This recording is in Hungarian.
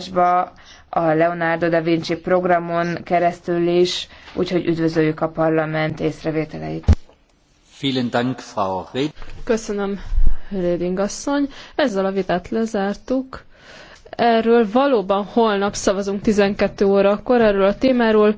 adásba a Leonardo da Vinci programon keresztül is, úgyhogy üdvözöljük a parlament észrevételeit. Köszönöm, Reding asszony. Ezzel a vitát lezártuk. Erről valóban holnap szavazunk 12 órakor, erről a témáról.